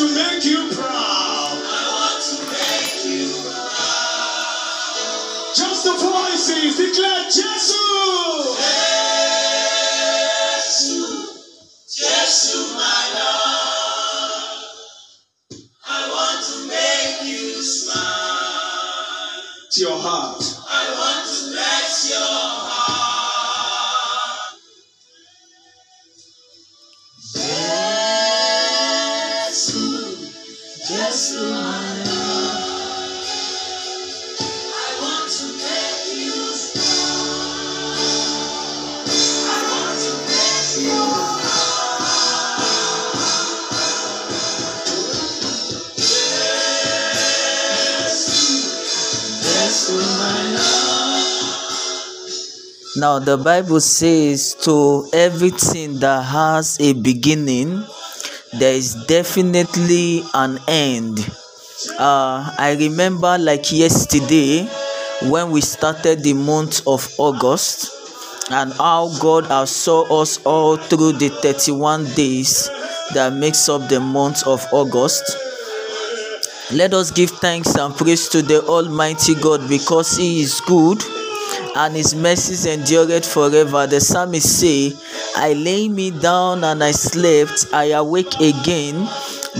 to make you proud. I want to make you proud. Just the voices declare Jesus. Now, the Bible says, To everything that has a beginning, there is definitely an end. Uh, I remember like yesterday when we started the month of August and how God has saw us all through the 31 days that makes up the month of August. Let us give thanks and praise to the Almighty God because He is good and his mercies endureth forever. The psalmist say, I lay me down and I slept, I awake again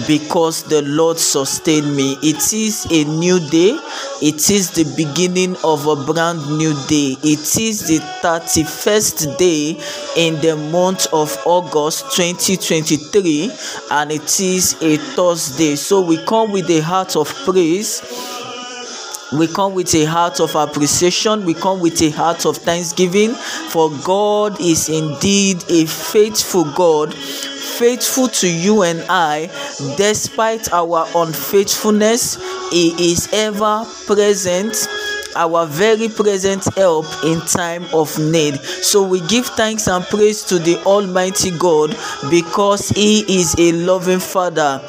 because the Lord sustained me. It is a new day. It is the beginning of a brand new day. It is the 31st day in the month of August 2023 and it is a Thursday. So we come with a heart of praise We come with a heart of appreciation. We come with a heart of thanksgiving. For God is indeed a faithful God, faithful to you and I, despite our unfaithfulness. He is ever present our very present help in time of need. So we give thanks and praise to the Almighty God because He is a loving Father.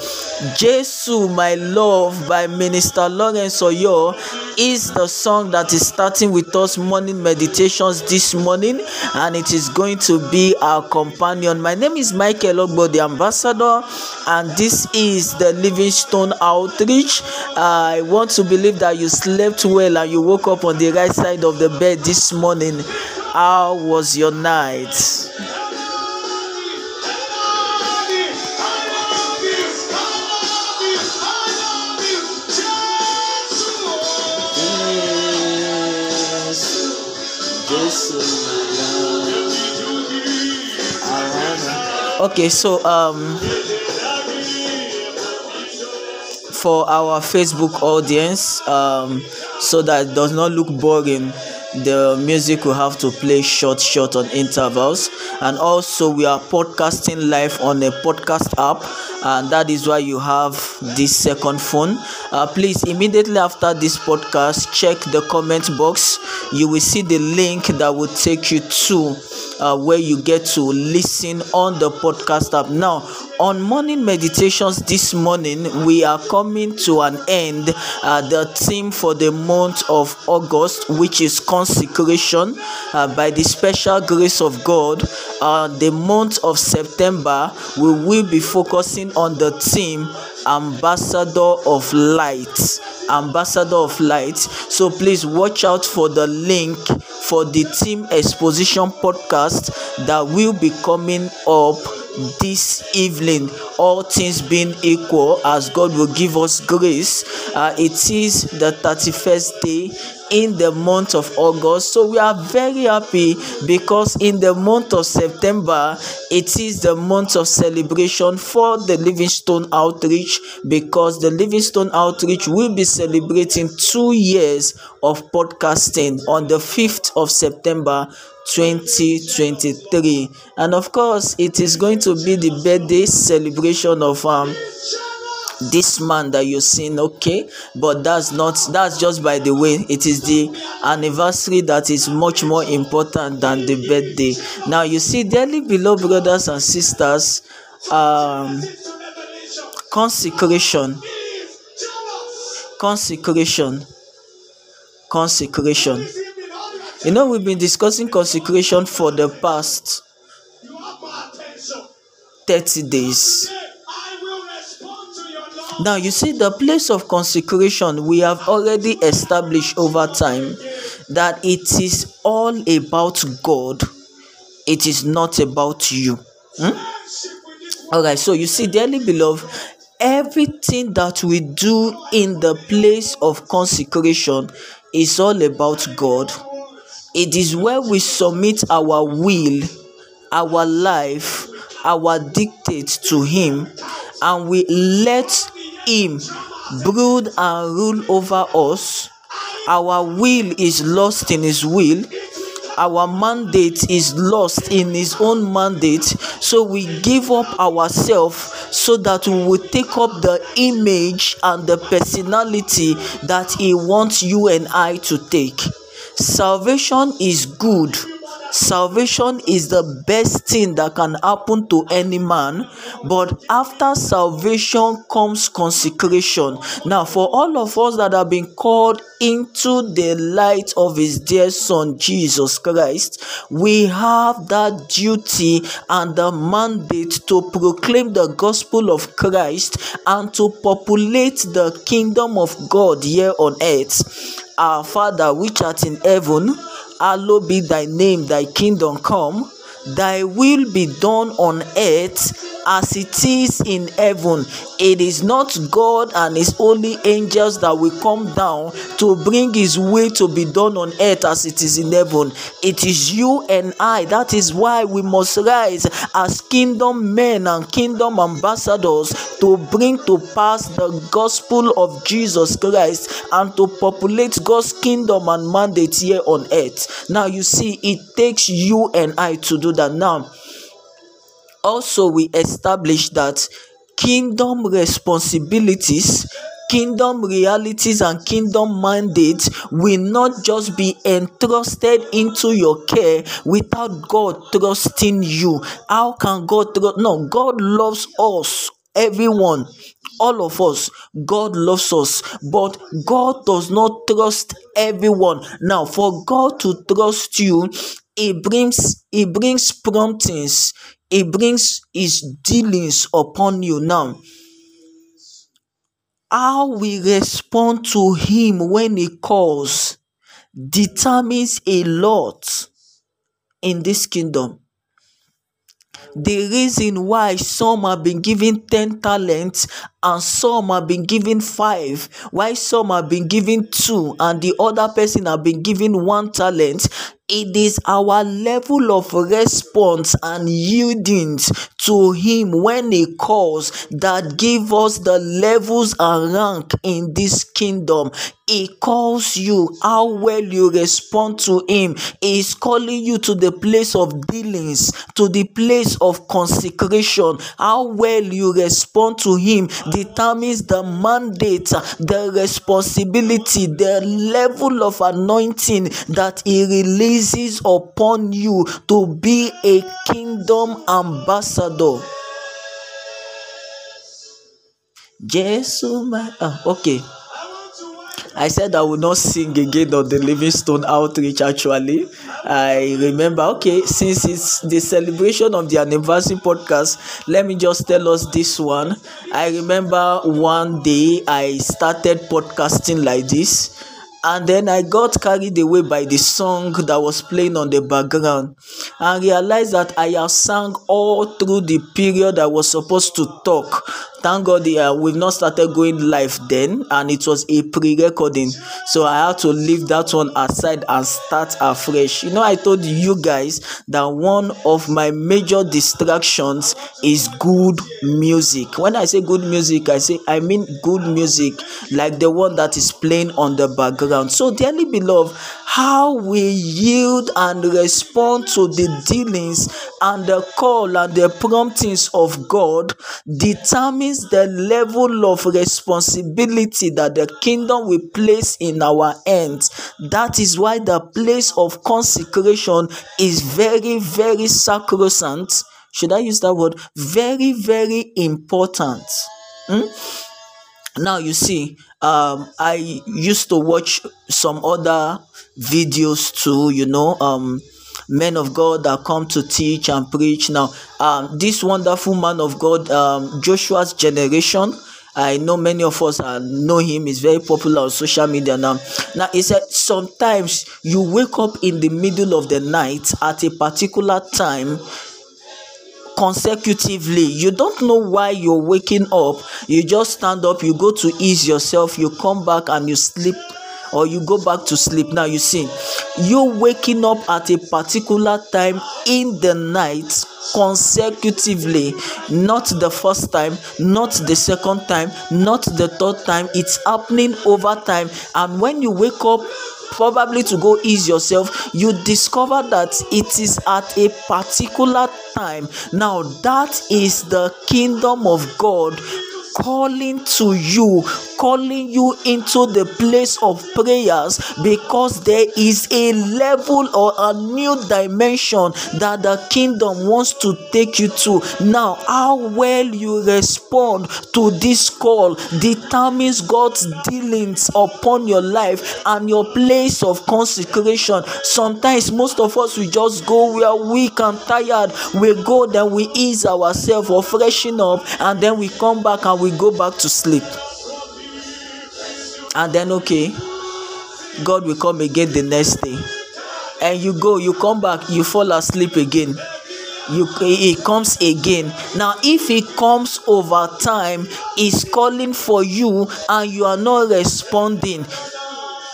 Jesu, my love, by Minister Lawrence Oyo, is the song that is starting with us morning meditations this morning, and it is going to be our companion. My name is Michael Ogbo, the ambassador, and this is the Living Stone Outreach. I want to believe that you slept well and you woke up on the right side of the bed this morning, how was your night? okay so um for our facebook audience um so that it does not look boring the music will have to play short short on intervals and also we are podcasting live on a podcast app and that is why you have this second phone uh, please immediately after this podcast check the comment box you will see the link that will take you to uh, where you get to listen on the podcast app. Now, on morning meditations this morning, we are coming to an end. Uh, the theme for the month of August, which is consecration uh, by the special grace of God. Uh, the month of September, we will be focusing on the theme ambassador of light ambassador of light so please watch out for the link for the team exposition podcast that will be coming up this evening all things being equal as god will give us grace uh, it is the 31st day in the month of August. So we are very happy because in the month of September, it is the month of celebration for the Livingstone Outreach because the Livingstone Outreach will be celebrating two years of podcasting on the 5th of September 2023. And of course, it is going to be the birthday celebration of um, this man that you're seeing okay but that's not that's just by the way it is the anniversary that is much more important than the birthday now you see dearly beloved brothers and sisters um consecration consecration consecration you know we've been discussing consecration for the past 30 days now, you see, the place of consecration we have already established over time that it is all about God, it is not about you. Hmm? All right, so you see, dearly beloved, everything that we do in the place of consecration is all about God. It is where we submit our will, our life, our dictates to Him, and we let him brood and rule over us. Our will is lost in his will. Our mandate is lost in his own mandate. So we give up ourselves so that we will take up the image and the personality that he wants you and I to take. Salvation is good Salvation is the best thing that can happen to any man, but after salvation comes consecration. Now, for all of us that have been called into the light of His dear Son Jesus Christ, we have that duty and the mandate to proclaim the gospel of Christ and to populate the kingdom of God here on earth. Our Father which art in heaven, hallowed be thy name, thy kingdom come, thy will be done on earth as it is in heaven. It is not God and His holy angels that will come down to bring His will to be done on earth as it is in heaven. It is you and I. That is why we must rise as kingdom men and kingdom ambassadors to bring to pass the gospel of Jesus Christ and to populate God's kingdom and mandate here on earth. Now, you see, it takes you and I to do that now. Also, we establish that kingdom responsibilities kingdom realities and kingdom mandates will not just be entrusted into your care without God trusting you. How can God trust? No, God loves us, everyone. All of us, God loves us, but God does not trust everyone. Now, for God to trust you, He brings He brings promptings, He brings his dealings upon you now. How we respond to him when he calls determines a lot in this kingdom. The reason why some have been given 10 talents and some have been given 5, why some have been given 2 and the other person have been given 1 talent It is our level of response and yielding to Him when He calls that give us the levels and rank in this kingdom. He calls you how well you respond to Him. He is calling you to the place of dealings, to the place of consecration. How well you respond to Him determines the mandate, the responsibility, the level of anointing that He releases releases upon you to be a kingdom ambassador. Jesu my ah okay. I said I would not sing again on the Livingstone outreach actually. I remember okay, since it's the celebration of the anniversary podcast, let me just tell us this one. I remember one day I started podcasting like this and then I got carried away by the song that was playing on the background and realized that I had sang all through the period I was supposed to talk thank god uh, we've not started going live then and it was a pre-recording so i had to leave that one aside and start afresh you know i told you guys that one of my major distractions is good music when i say good music i say i mean good music like the one that is playing on the background so dearly beloved how we yield and respond to the dealings and the call and the promptings of God determines the level of responsibility that the kingdom will place in our hands. That is why the place of consecration is very, very sacrosanct. Should I use that word? Very, very important. Hmm? Now you see, um, I used to watch some other videos too, you know, um, men of God that come to teach and preach. Now, um, this wonderful man of God, um, Joshua's generation. I know many of us know him. He's very popular on social media now. Now, he said sometimes you wake up in the middle of the night at a particular time consecutively. You don't know why you're waking up. You just stand up, you go to ease yourself, you come back, and you sleep or you go back to sleep now you see you waking up at a particular time in the night consecutively not the first time not the second time not the third time it's happening over time and when you wake up probably to go ease yourself you discover that it is at a particular time now that is the kingdom of god calling to you calling you into the place of prayers because there is a level or a new dimension that the kingdom wants to take you to. Now, how well you respond to this call determines God's dealings upon your life and your place of consecration. Sometimes, most of us we just go, we are weak and tired, we go, then we ease ourselves or freshen up, and then we come back and we go back to sleep and then okay god will come again the next day and you go you come back you fall asleep again you he comes again now if he comes over time he's calling for you and you are not responding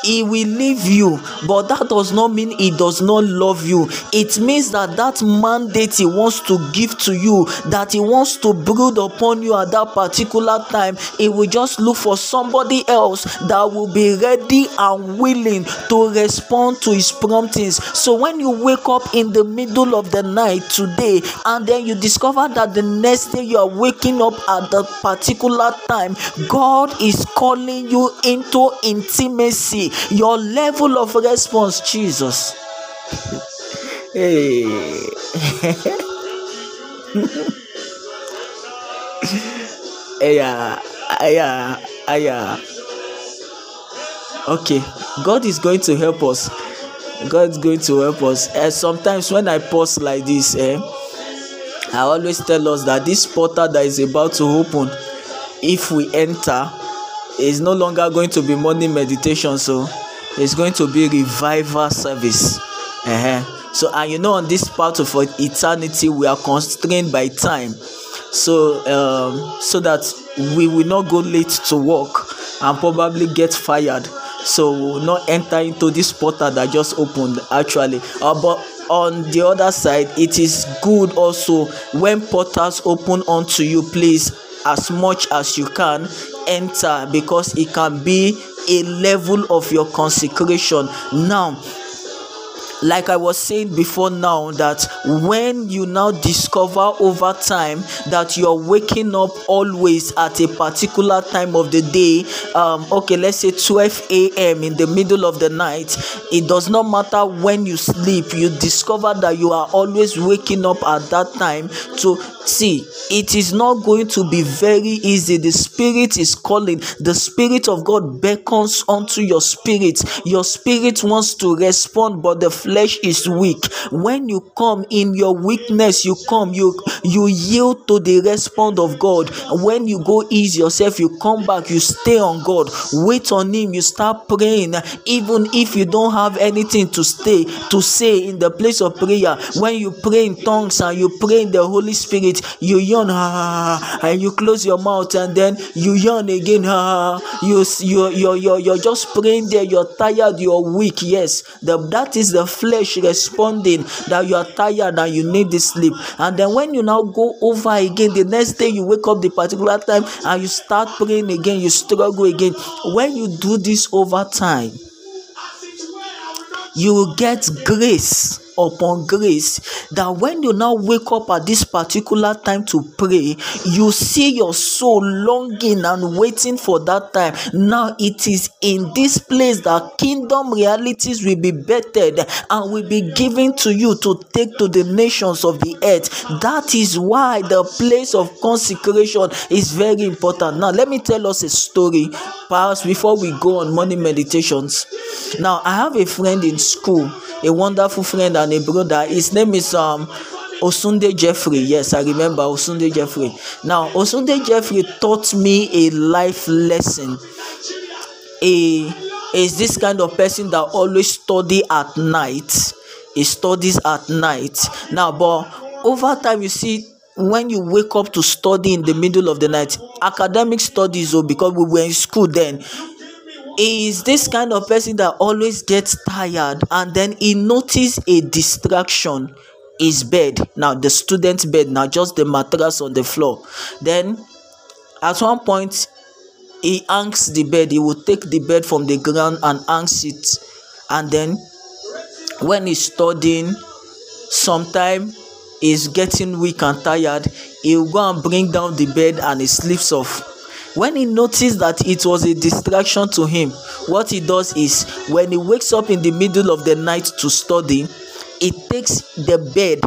he will leave you but that does not mean he does not love you it means that that mandate he wants to give to you that he wants to brood upon you at that particular time he will just look for somebody else that will be ready and willing to respond to his promptings so when you wake up in the middle of the night today and then you discover that the next day you are waking up at that particular time god is calling you into intimacy Your level of response, Jesus. hey. yeah, yeah, yeah. Okay, God is going to help us. God is going to help us. Uh, sometimes when I pause like this, eh, I always tell us that this portal that is about to open, if we enter, it's no longer going to be morning meditation so it's going to be revival service uh-huh. so and you know on this part of eternity we are constrained by time so um, so that we will not go late to work and probably get fired so we will not enter into this portal that just opened actually uh, but on the other side it is good also when portals open unto you please as much as you can enter because it can be a level of your consecration now like I was saying before now, that when you now discover over time that you're waking up always at a particular time of the day, um, okay, let's say 12 a.m. in the middle of the night, it does not matter when you sleep, you discover that you are always waking up at that time to see it is not going to be very easy. The Spirit is calling, the Spirit of God beckons unto your spirit. Your spirit wants to respond, but the flesh is weak when you come in your weakness you come you you yield to the respond of god when you go ease yourself you come back you stay on god wait on him you start praying even if you don't have anything to stay to say in the place of prayer when you pray in tongues and you pray in the holy spirit you yawn ah, and you close your mouth and then you yawn again ah, you you you you you're just praying there you're tired you're weak yes the, that is the flesh responding that you are tired and you need the sleep and then when you now go over again the next day you wake up the particular time and you start praying again you struggle again when you do this over time you will get grace upon grace that when you now wake up at this particular time to pray, you see your soul longing and waiting for that time. Now it is in this place that kingdom realities will be bettered and will be given to you to take to the nations of the earth. That is why the place of consecration is very important. Now, let me tell us a story, perhaps before we go on morning meditations. Now, I have a friend in school, a wonderful friend, and and a brother his name is um Osunde Jeffrey. Yes, I remember Osunde Jeffrey. Now, Osunde Jeffrey taught me a life lesson. He is this kind of person that always study at night. He studies at night. Now, but over time you see when you wake up to study in the middle of the night academic studies oh, because we were in school then he is this kind of person that always gets tired and then he notice a distraction his bed now the student bed now just the mattress on the floor then at one point he hangs the bed he will take the bed from the ground and hangs it and then when he's studying sometime he's getting weak and tired he'll go and bring down the bed and he sleeps off When he noticed that it was a distraction to him, what he does is when he wakes up in the middle of the night to study, he takes the bed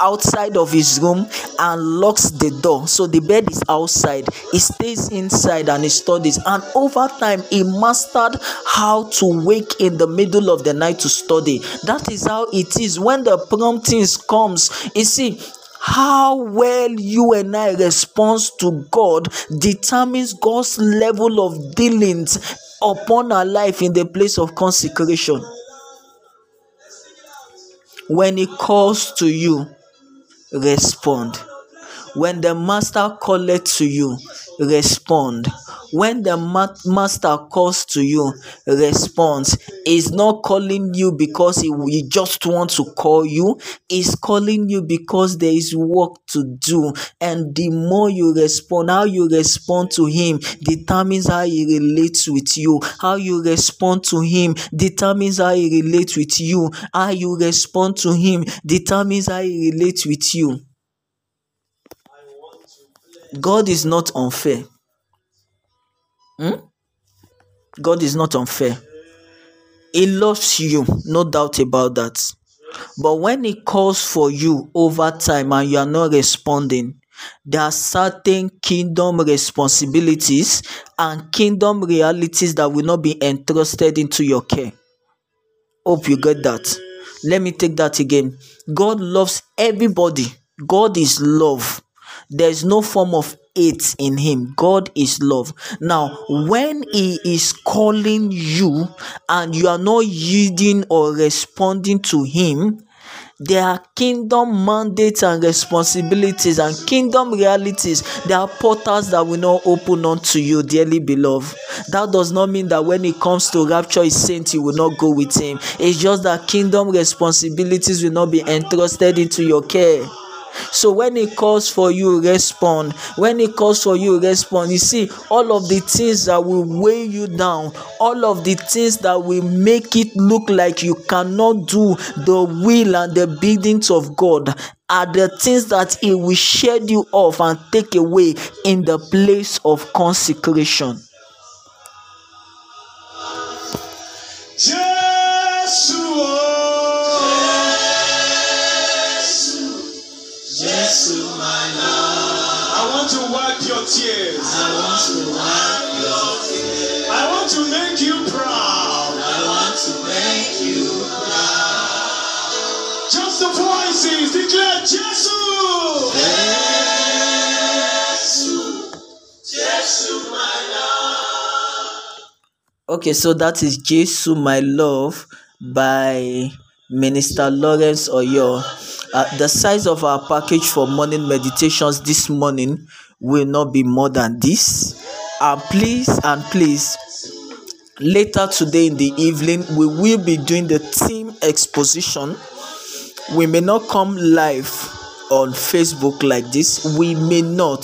outside of his room and locks the door so the bed is outside he stays inside and he studies and over time he mastered how to wake in the middle of the night to study that is how it is when the promptings comes you see how well you and I respond to God determines God's level of dealings upon our life in the place of consecration. When He calls to you, respond. When the Master calleth to you, respond when the master calls to you, response is not calling you because he, he just wants to call you, is calling you because there is work to do. And the more you respond, how you respond to him determines how he relates with you. How you respond to him determines how he relates with you. How you respond to him determines how he relates with you. God is not unfair. Hmm? God is not unfair. He loves you, no doubt about that. But when He calls for you over time and you are not responding, there are certain kingdom responsibilities and kingdom realities that will not be entrusted into your care. Hope you get that. Let me take that again. God loves everybody, God is love. There is no form of it in Him. God is love. Now, when He is calling you and you are not yielding or responding to Him, there are kingdom mandates and responsibilities and kingdom realities there are portals that will not open unto you dearly beloved that does not mean that when it comes to rapture his saint you will not go with him it's just that kingdom responsibilities will not be entrusted into your care So when he calls for you, respond. When he calls for you, respond. You see, all of the things that will weigh you down, all of the things that will make it look like you cannot do the will and the biddings of God are the things that he will shed you off and take away in the place of consecration. Jesus. tears. I want to wipe your tears. I want to make you proud. I want to make you proud. Just the voices declare Jesus. Okay, so that is Jesus, my love, by Minister Lawrence Oyo. Uh, the size of our package for morning meditations this morning will not be more than this. And please, and please, later today in the evening, we will be doing the team exposition. We may not come live on Facebook like this. We may not.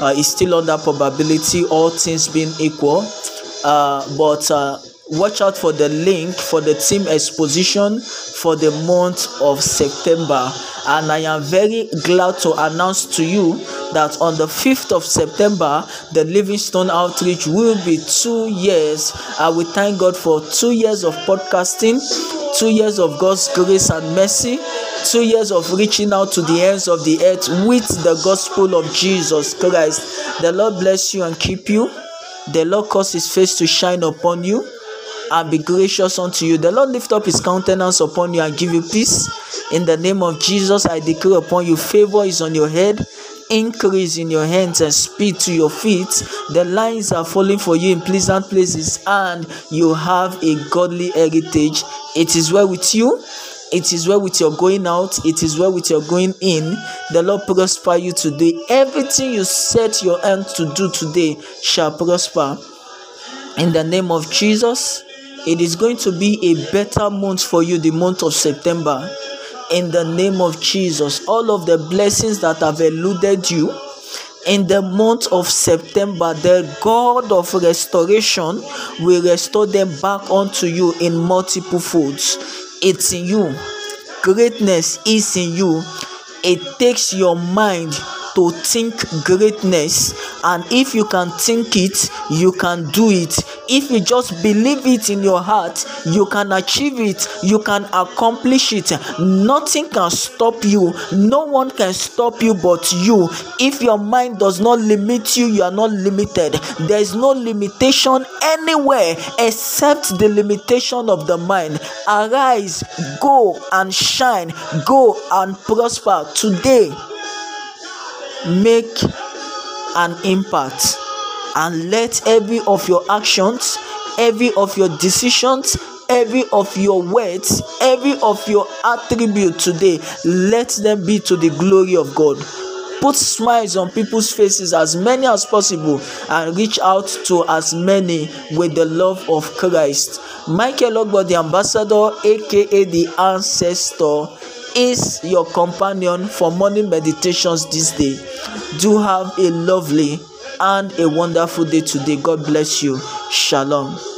Uh, it's still under probability, all things being equal. Uh, but uh, watch out for the link for the team exposition for the month of September and I am very glad to announce to you that on the 5th of September, the Livingstone Outreach will be two years. I will thank God for two years of podcasting, two years of God's grace and mercy, two years of reaching out to the ends of the earth with the gospel of Jesus Christ. The Lord bless you and keep you. The Lord cause his face to shine upon you and be gracious unto you. The Lord lift up his countenance upon you and give you peace. In the name of Jesus, I declare upon you favor is on your head increase in your hands and speed to your feet. The lines are falling for you in pleasant places, and you have a godly heritage. It is well with you. It is well with your going out. It is well with your going in. The Lord prosper you today. Everything you set your hand to do today shall prosper. In the name of Jesus. It is going to be a better month for you, the month of September. In the name of Jesus, all of the blessings that have eluded you in the month of September, the God of restoration will restore them back unto you in multiple folds. It's in you, greatness is in you. It takes your mind to think greatness and if you can think it you can do it if you just believe it in your heart you can achieve it you can accomplish it nothing can stop you no one can stop you but you if your mind does not limit you you are not limited there is no limitation anywhere except the limitation of the mind arise go and shine go and prosper today make an impact and let every of your actions every of your decisions every of your words every of your attribute today let them be to the glory of god put smiles on people's faces as many as possible and reach out to as many with the love of christ michael ogbo the ambassador aka the ancestor is your companion for morning meditations this day. Do have a lovely and a wonderful day today. God bless you. Shalom.